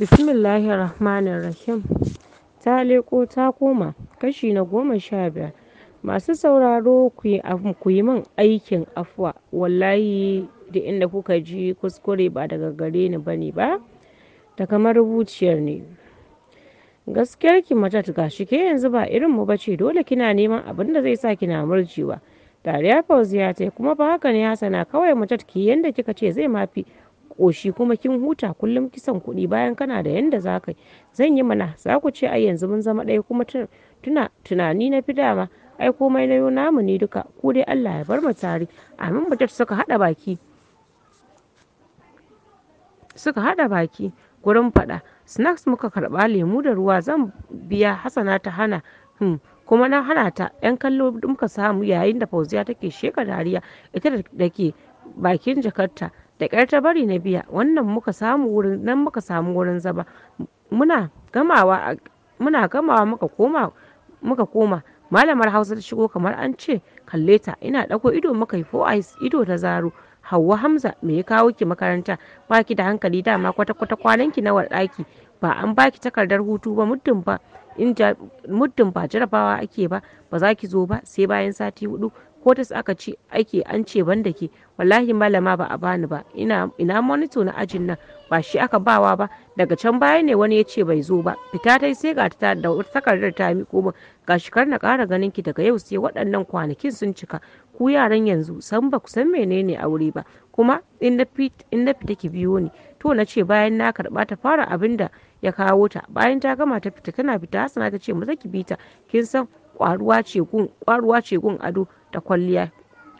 Bismillahir Rahmanir Rahim. Ta leko ta koma. Kashi na goma sha biyar. Masu sauraro ku yi min aikin afuwa, wallahi da inda kuka ji kuskure ba daga gare ni ba ne ba, kamar marubuciyar ne. Gaskiyar ki matat gashi ke yanzu ba irin mu bace dole kina neman abin da zai sa kina murjewa. Dariya Fauziya ta kuma ba haka ne Hassana kawai matat ki yanda kika ce zai mafi koshi kuma kin huta kullum kisan kuɗi bayan kana da yanda za ka zan yi mana za ku ce ai yanzu mun zama ɗaya kuma tuna tunani na fi dama ai komai na yo namu ne duka ku dai Allah ya bar mu tare amin ta suka haɗa baki suka haɗa baki gurin faɗa snacks muka karɓa lemu da ruwa zan biya hasana ta hana hmm, kuma na hana ta yan kallo muka samu yayin da fauziya take sheka dariya ita da ke bakin jakarta da ƙyar ta bari na biya wannan muka samu wurin nan muka samu wurin zama muna gamawa muna gamawa muka koma muka koma malamar hausa ta shigo kamar an ce kalle ta ina ɗauko ido muka yi fo ido ta zaro Hauwa Hamza me ya kawo ki makaranta ba ki da hankali dama kwata kwata kwanan ki na ɗaki ba an baki takardar hutu ba muddin ba in muddin ba jarabawa ake ba ba za ki zo ba sai bayan sati huɗu. ko ta aka ci aiki an ce ban da ke wallahi malama ba a bani ba ina monito na ajin nan ba shi aka bawa ba daga can baya ne wani ya ce bai zo ba fita tai sai ga ta da wata takardar ta ko ga shi kar na kara ganin ki daga yau sai waɗannan kwanakin sun cika ku yaran yanzu san ba ku san menene aure ba kuma in na fita ki biyo ni to na ce bayan na karɓa ta fara abin da ya kawo ta bayan ta gama ta fita tana fita hasana ta ce maza ki bita kin san kwaruwa kwaruwa ce gun ado da kwalliya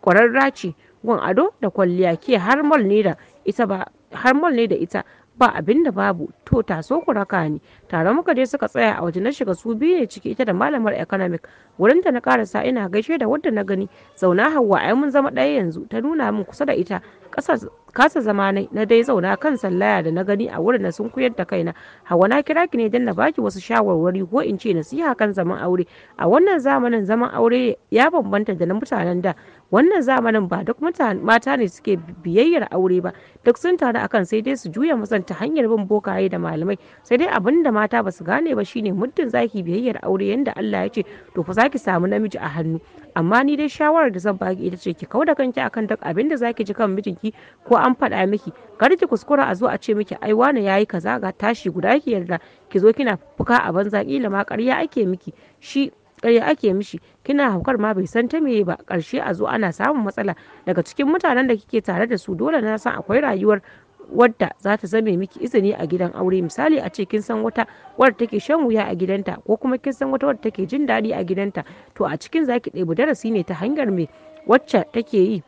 kwararra ce gun ado da kwalliya ke har ne da ita ba abin da babu to taso ku raka ni tare muka je suka tsaya a waje na shiga su biyu ne ciki ita da malamar economic wurin ta na karasa ina gaishe da wadda na gani zauna hawa ai mun zama ɗaya yanzu ta nuna min kusa da ita kasa zama nai na dai zauna kan sallaya da na gani a wurin na sun koyar da kaina hawa na kira ki ne dan na baki wasu shawarwari ko in ce nasiha kan zaman aure a wannan zamanin zaman aure ya bambanta da na mutanen da wannan zamanin ba duk mata ne suke biyayyar aure ba duk sun taru akan sai dai su juya masanta ta hanyar bin bokaye da malamai sai dai abin da mata ba su gane ba shine muddin zaki biyayyar aure yanda Allah ya ce to fa zaki samu namiji a hannu amma ni dai shawarar da zan baki ita ce ki kau kauda kanki akan duk abin da zaki ji kan mijinki ko an faɗa miki kar ki kuskura a zo a ce miki ai wani yayi kaza ga tashi guda ki yarda ki zo kina fuka a banza kila ma ƙarya ake miki shi ƙarya ake mishi kina haukar ma bai san ta meye ba karshe a zo ana samun matsala daga cikin mutanen da kike tare da su dole na san akwai rayuwar wadda za ta zame miki izini a gidan aure misali a ce kin san wata wadda take shan wuya a gidanta ko kuma kin san wata wadda take jin daɗi a gidanta to a cikin zaki ɗebi darasi ne ta hanyar me wacce take yi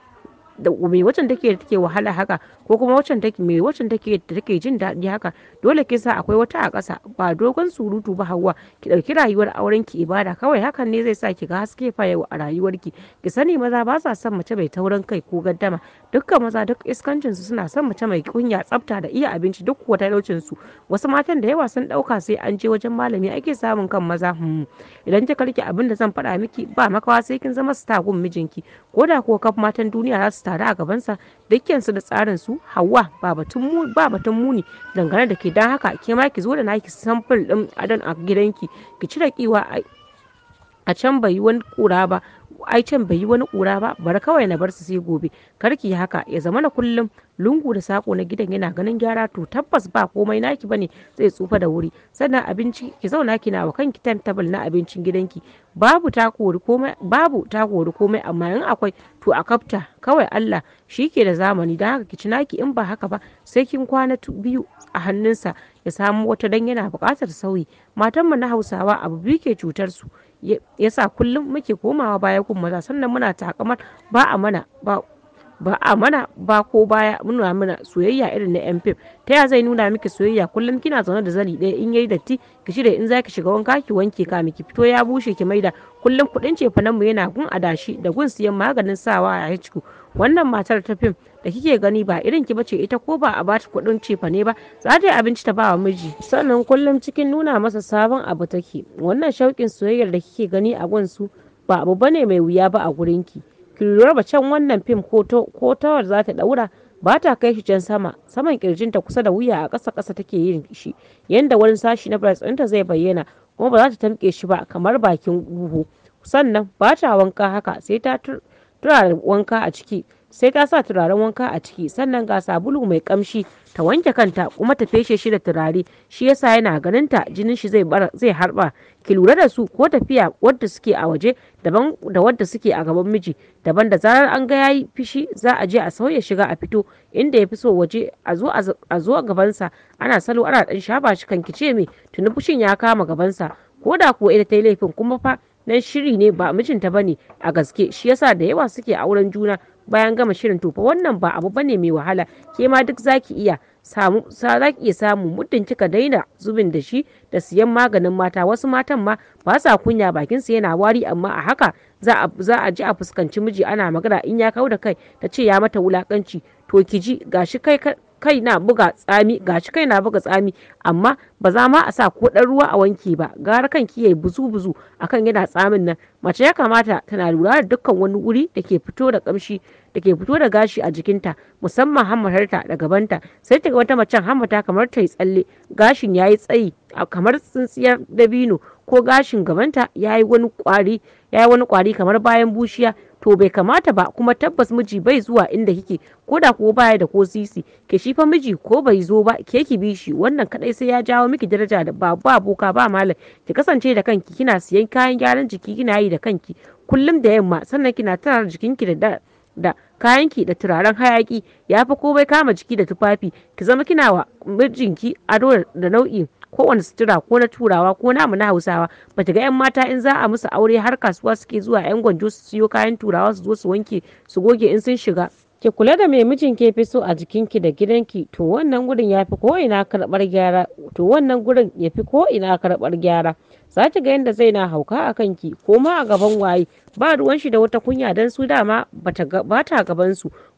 da me waccan take da take wahala haka ko kuma wacan take me waccan take da take jin daɗi haka dole ki sa akwai wata a ƙasa ba dogon surutu ba hawa ki ɗauki rayuwar auren ki ibada kawai hakan ne zai sa ki ga haske yau a rayuwarki ki sani maza ba sa son mace mai taurin kai ko gaddama dukkan maza duk iskancinsu suna son mace mai kunya tsafta da iya abinci duk kuwa su wasu matan da yawa sun ɗauka sai an je wajen malami ake samun kan maza hmm. idan ki karki abin da zan faɗa miki ba makawa sai kin zama star gun mijinki ko da kuwa kaf matan duniya za su tare a gabansa dukkansu da tsarin su hawa ba batun muni dangane da ke don haka ke ma ki zo da naki samfur din adon a gidanki ki cire kiwa a can bai wani kura ba ai can bai yi wani kura ba bari kawai na bar su sai gobe kar ki yi haka ya zama na kullum lungu da sako na gidan yana ganin gyara to tabbas ba komai naki bane zai tsufa da wuri sannan abinci ki zauna kina wa kanki tabal na abincin gidanki babu ta kori komai babu ta komai amma in akwai to a kafta kawai Allah shi ke da zamani don haka ki ci naki in ba haka ba sai kin kwana biyu a hannunsa ya samu wata dan yana buƙatar sauyi matanmu na Hausawa abu biyu ke cutar su yasa sa kullum muke komawa baya kun maza sannan muna takamar ba a mana ba ba a mana ba ko baya nuna mana soyayya irin na yan fim ta ya zai nuna miki soyayya kullum kina zaune da zani ɗaya in yayi datti ki shirya in zaki shiga wanka ki wanke ka miki fito ya bushe ki maida kullum kuɗin cefanen mu yana gun adashi da gun siyan maganin sawa a ciku wannan matar ta fim da kike gani ba irin ki bace ita ko ba a bata cefa ne ba za ta yi abinci ta ba wa miji sannan kullum cikin nuna masa sabon abu take wannan shaukin soyayyar da kike gani a su ba abu bane mai wuya ba a gurin ki ki lura ba can wannan fim ko tawar za ta ɗaura ba ta kai shi can sama saman kirjinta kusa da wuya a ƙasa ƙasa take yin shi yanda wani sashi na breast ɗinta zai bayyana kuma ba za ta tamke shi ba kamar bakin buhu sannan ba ta wanka haka sai ta tura wanka a ciki sai ka sa turaren wanka a ciki sannan ga sabulu mai kamshi ta wanke kanta kuma ta feshe shi da turare shi yasa yana ganin ta jinin shi zai zai harba ki lura da su ko tafiya wadda suke a waje daban da wadda suke a gaban miji daban da zarar an ga yayi fishi za a je a sauya shiga a fito inda ya fi so waje a zo a zo gabansa ana salo ana dan shaba shi kan kice me tuni fushin ya kama gabansa ko da kuwa ita ta yi laifin kuma fa nan shiri ne ba mijinta bane a gaske shi yasa da yawa suke auren juna bayan gama shirin to wannan ba abu bane mai wahala ke ma duk zaki iya samu za ki iya samu muddin kika daina zubin da shi da siyan maganin mata wasu matan ma ba sa kunya bakin su yana wari amma a haka za a ji a fuskanci miji ana magana in ya kau da kai ta ce ya mata wulakanci to kiji gashi kai kai na buga tsami ga shi kai na buga tsami amma ba za ma a sa ko dan ruwa a wanke ba gara kan ki yayi buzu buzu akan yana tsamin nan mace ya kamata tana lura da dukkan wani wuri da ke fito da kamshi da ke fito da gashi a jikinta musamman hammatarta da gabanta sai ta wata macen hammata kamar ta yi tsalle gashin yayi yi tsayi kamar tsintsiyar dabino ko gashin gabanta yayi wani kwari ya wani kwari kamar bayan bushiya to bai kamata ba kuma tabbas miji bai zuwa inda kike ko da ko baya da ko sisi ke shifa miji ko bai zo ba ke ki bi shi wannan kadai sai ya jawo miki daraja da ba ba boka ba malam ki kasance da kanki kina siyan kayan gyaran jiki kina yi da kanki kullum da yamma sannan kina tara jikinki da da kayanki da turaren hayaki ya fi komai kama jiki da tufafi ki zama kina wa mijinki ado da nau'in kowane sutura ko na turawa ko namu na hausawa bata ga yan mata in za a musu aure har kasuwa suke zuwa yan gwanjo su siyo kayan turawa su zo su wanke su goge in sun shiga ki kula da mai mijin ke fi so a jikinki da gidanki to wannan gurin ya fi ko'ina karɓar gyara to wannan gurin ya fi ko'ina karɓar gyara za ki ga yadda zai na hauka a kanki ko ma a gaban waye ba ruwan shi da wata kunya don su dama ba ta gaban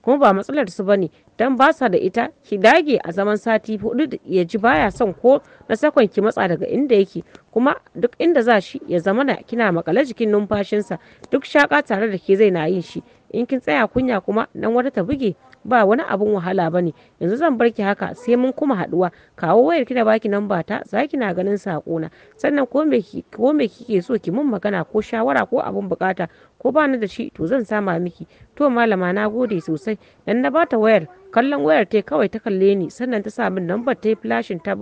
kuma ba matsalar su bane dan ba sa da ita ki dage a zaman sati hudu ya ji baya son ko na sakon ki matsa daga inda yake kuma duk inda za shi ya zama na kina makale jikin numfashinsa duk shaka tare da ke zai na yin shi in kin tsaya kunya kuma nan wata ta buge ba wani abun wahala bane yanzu zan barki haka sai mun kuma haduwa kawo wayar ki da baki namba ta za ki na ganin sakona sannan ko me ko me kike so ki mun magana ko shawara ko abun bukata ko ba ni da shi to zan sama miki to malama na gode sosai dan na bata wayar kallon wayar ta kawai ta kalle ni sannan ta sa min lambar ta flashin ta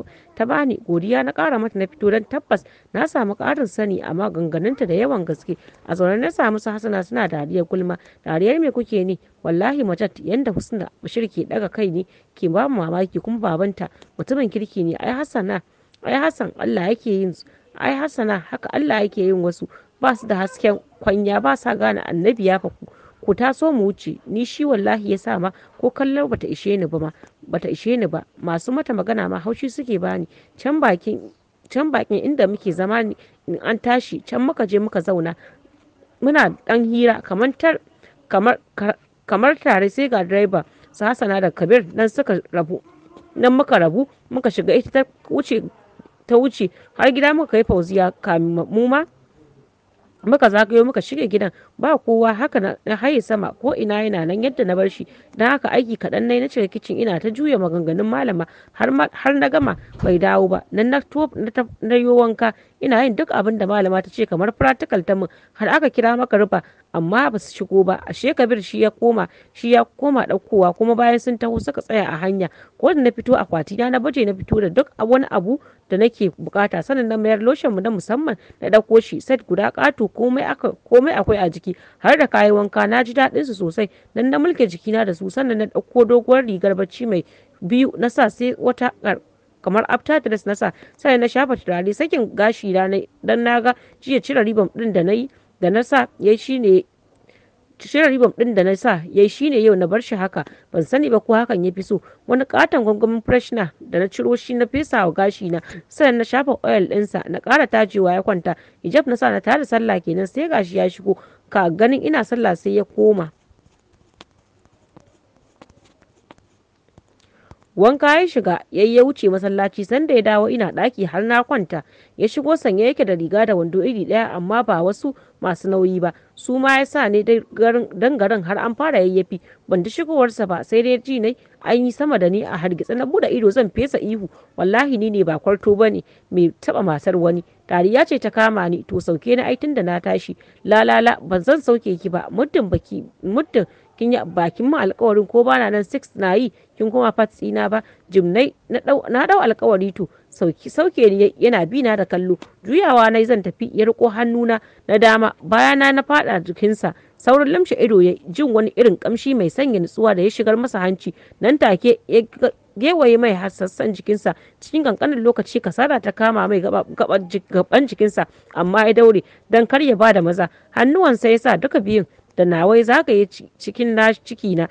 bani godiya na kara mata na fito dan tabbas na samu karin sani amma ganganinta da yawan gaske a zaune na samu su hasana suna dariya gulma dariyar me kuke ni wallahi majat yanda husna bashir ke daga kai ne ke ba mamaki kuma babanta mutumin kirki ne ai hasana ai hasan Allah yake yin ai hasana haka Allah yake yin wasu ba su da hasken kwanya ba sa gane annabi ya faku ku taso mu wuce ni shi wallahi ya sa ma ko kallon bata ishe ni ba bata ishe ni ba masu mata magana ma haushi suke bani can bakin can bakin inda muke zama in an tashi can muka je muka zauna muna dan hira kamar tar kamar kamar tare sai ga direba su hasana da kabir nan suka rabu nan muka rabu muka shiga ita ta wuce ta wuce har gida muka kai fauziya kamin mu ma muka zagayo muka shige gidan ba kowa haka na haye sama ko ina yana nan yadda na bar shi dan haka aiki kaɗan nai na cika kicin ina ta juya maganganun malama har na gama bai dawo ba nan na yo wanka ina yin duk abin da malama ta ce kamar practical ta mun har aka kira maka rufa amma ba su shigo ba ashe bir shi ya koma shi ya koma ɗaukowa kuma bayan sun taho suka tsaya a hanya ko da na fito akwati na baje na fito da duk wani abu da nake bukata sanin na mayar lotion mu na musamman na ɗauko shi set guda ƙato komai akwai a jiki har da kayan wanka na ji daɗin su sosai dan na mulke jikina da su sannan na ɗauko doguwar rigar bacci mai biyu na sa sai wata kamar after dress na sa sai na shafa turare sakin gashi na dan na ga jiya cire ribam din da na da na sa ya shine cire ribon din da na sa yayi shine yau na bar shi haka ban sani ba ko hakan ya fi so wani katon gwangwamin freshna da na ciro shi na fesa wa gashi na sannan na shafa oil dinsa na kara tajewa ya kwanta hijab na sa na tada sallah kenan sai gashi ya shigo ka ganin ina sallah sai ya koma wanka ya shiga yayi ya wuce masallaci sanda ya dawo ina daki har na kwanta ya shigo sanye yake da riga da wando iri daya amma ba wasu masu nauyi ba su ma ya sa ne dangaren har an fara yayyafi ban da shigowarsa ba sai dai ji nai an yi sama da ni a hargitsa na buɗe ido zan fesa ihu wallahi ni ne ba kwarto ba ne mai taɓa matar wani dariya ce ta kama ni to sauke na aitin da na tashi la la ban zan sauke ki ba muddin baki muddin kin yi bakin mu alkawarin ko bana nan six na yi kin koma fats tsina ba jimnai na dau alkawari to sauke ni yana bi na da kallo juyawa na zan tafi ya riko hannuna na dama bayana na fada jikinsa saurin lamshe ido ya jin wani irin kamshi mai sanya nutsuwa da ya shigar masa hanci nan take ya gewaye mai hassassan jikinsa cikin kankanin lokaci kasada ta kama mai gaban jikinsa amma ya daure don kar ya bada maza hannuwansa ya sa duka biyun da nawai yi cikin na ciki na?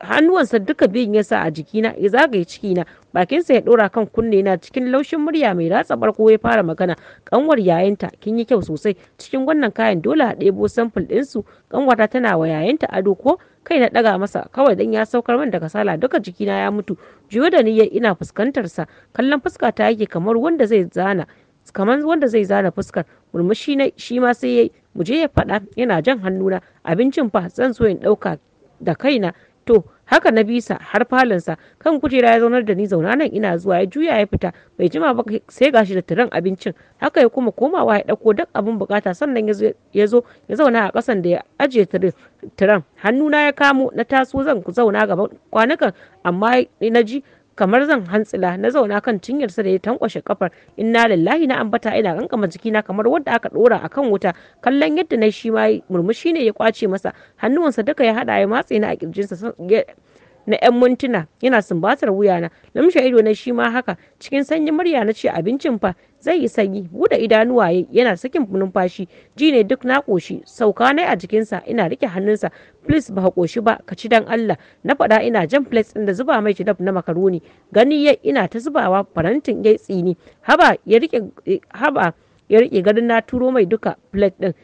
hannuwansa duka biyun ya sa a jikina ya zagaye na bakinsa ya dora kan kunne na cikin laushin murya mai ratsa barko ya fara magana kanwar yayinta kin yi kyau sosai cikin wannan kayan dole a ɗebo samfur ɗinsu kanwata tana wa yayinta ado ko kai na ɗaga masa kawai dan ya saukar min daga sala duka na ya mutu juyo da niyyar ina fuskantar sa kallon fuska ta yake kamar wanda zai zana kamar wanda zai zana fuskar murmushi shi ma sai yayi mu je ya faɗa yana jan hannuna abincin fa zan so in ɗauka da kaina to haka na bisa har falonsa kan kujera ya zaunar da ni zauna nan ina zuwa ya juya ya fita bai jima ba sai gashi da tiran abincin haka ya kuma komawa ya ɗauko duk abin bukata sannan ya zo ya zauna a kasan da ya ajiye tiran hannuna ya kamo na taso zan zauna gaban kwanukan amma na ji kamar zan hantsila na zauna kan cinyarsa da ya tankwashe kafar inna lillahi na ambata ina kankama jikina kamar wadda aka dora akan wuta kallon yadda na shi ma murmushi ne ya kwace masa hannuwansa duka ya hada ya matse na a sa na 'yan mintuna yana sumbatar wuyana lamshe ido na shi ma haka cikin sanyin murya na ce abincin fa zai yi sanyi buɗe idanuwa yana sakin numfashi ji ne duk na ƙoshi sauka ne a jikinsa ina rike hannunsa please ba ƙoshi ba ka ci dan Allah na faɗa ina jan plates ɗin da zuba mai jilaf na makaroni gani ya ina ta zubawa farantin yai tsini haba ya rike haba ya rike ganin na turo mai duka plate ɗin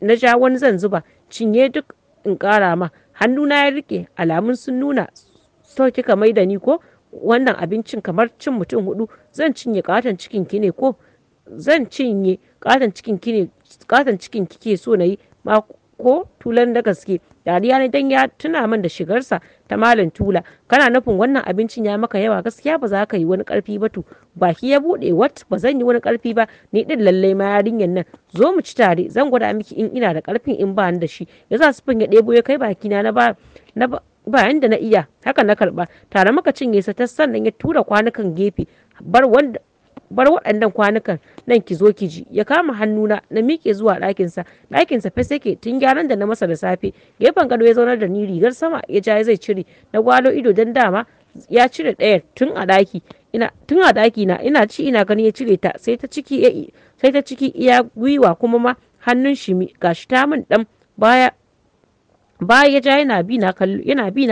na ja wani zan zuba cinye duk in ƙara ma hannuna ya rike alamun sun nuna so kika mai da ni ko wannan abincin kamar cin mutum hudu zan cinye katon cikin ki ne ko zan cinye katon cikin ki ne katon cikin kike so na yi ma ko tulan da gaske dariya ne dan ya tuna min da shigarsa ta malam tula kana nufin wannan abincin ya maka yawa gaskiya ba za ka yi wani karfi ba to baki ya bude wat ba zan yi wani karfi ba ni din lallai ma yarinyan nan zo mu ci tare zan gwada miki in ina da karfin in ba ni da shi yasa sufin ya ɗebo ya kai baki na na ba ba yanda na iya haka na karba tare maka cinye sa ta sannan ya tura kwanukan gefe bar wanda bar waɗannan kwanukan nan ki zo ki ji ya kama hannuna na miƙe zuwa ɗakinsa ɗakinsa fa ke tun gyaran da na masa da safe gefen gado ya zaunar da ni rigar sama ya ja zai cire na gwalo ido dan dama ya cire ɗayar tun a ɗaki ina tun a ɗaki na ina ci ina gani ya cire ta sai ta ciki sai ta ciki iya gwiwa kuma ma hannun shi gashi ta min ɗan baya baya ya ja yana bi na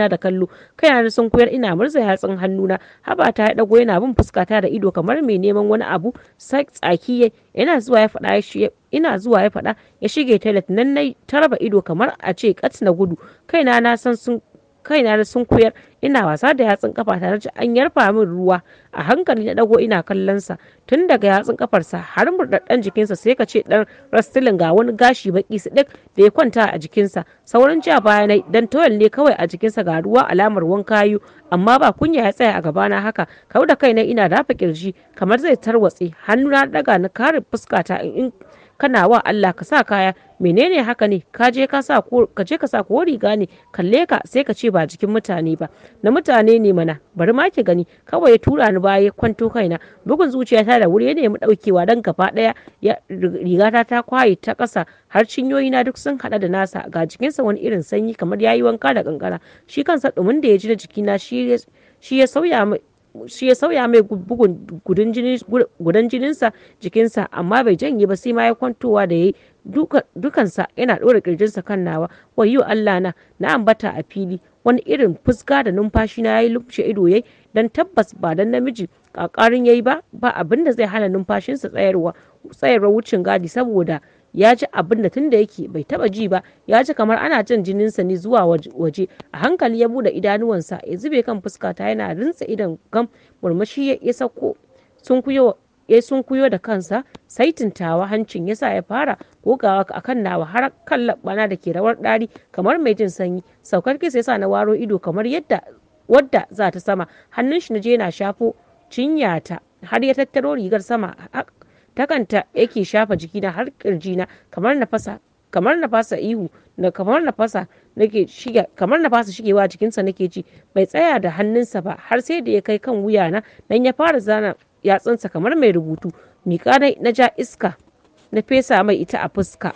da kallo kaina na sun koyar ina murza yatsun hannuna haba ta ya dago yana bin fuskata da ido kamar mai neman wani abu sai tsaki yana zuwa ya faɗa ina zuwa ya fada ya shige toilet nan na taraba ido kamar a ce kat na gudu kaina na san sun kaina na sunkuyar ina wasa da yatsun kafa tare da an yarfa min ruwa a hankali na dago ina kallon sa tun daga yatsun kafarsa har murdaddan jikinsa sai ka ce dan rastilin ga wani gashi baki su dik da ya kwanta a jikinsa sauran ja bayanai dan toyal ne kawai a jikinsa ga ruwa alamar wankayu amma ba kunya ya tsaya a gabana haka kau da kaina ina dafa kirji kamar zai tarwatse hannu na daga na kare fuskata in kana wa Allah ka sa kaya menene haka ne ka je ka sa ko riga ne kalle ka sai ka ce ba jikin mutane ba na mutane ne mana bari ma ki gani kawai ya tura ni baya kwanto kaina bugun zuciya ta da wuri ya nemi daukewa dan gaba daya rigata ta kwaye ta kasa har cinyoyi na duk sun hada da nasa ga jikinsa wani irin sanyi kamar yayi wanka da kankara shi kansa dumin da ya ji na jiki jikina shi ya sauya shi ya sauya mai bugun gudan jininsa jikinsa amma bai janye ba sai ma ya kwantowa da ya yi dukansa yana ɗora ƙirjinsa kan nawa wayo Allah na na ambata a fili wani irin fuska da numfashi na yayi lumshe ido yayi dan tabbas ba dan namiji kakarin yayi ba ba abin da zai hana numfashinsa tsayarwa tsayarwa wucin gadi saboda ya ji abin da tunda yake bai taba ji ba ya ji kamar ana jan jininsa ne zuwa waje a hankali ya bude idanuwansa ya zube kan fuskata yana rintsa idan gam murmushi ya sako sun kuyo ya sun kuyo da kansa sai tintawa hancin yasa ya fara gogawa akan nawa har kan labbana da ke rawar dari kamar mai jin sanyi saukar kisa yasa na waro ido kamar yadda wadda za ta sama hannun shi na je na shafo cinyata har ya tattaro rigar sama takanta yake shafa jikina har kamar na fasa kamar na fasa ihu na kamar na fasa nake shiga kamar na fasa shigewa jikinsa nake ji bai tsaya da hannunsa ba har sai da ya kai kan wuyana nan ya fara zana yatsunsa kamar mai rubutu miƙa na ja iska na fesa mai ita a fuska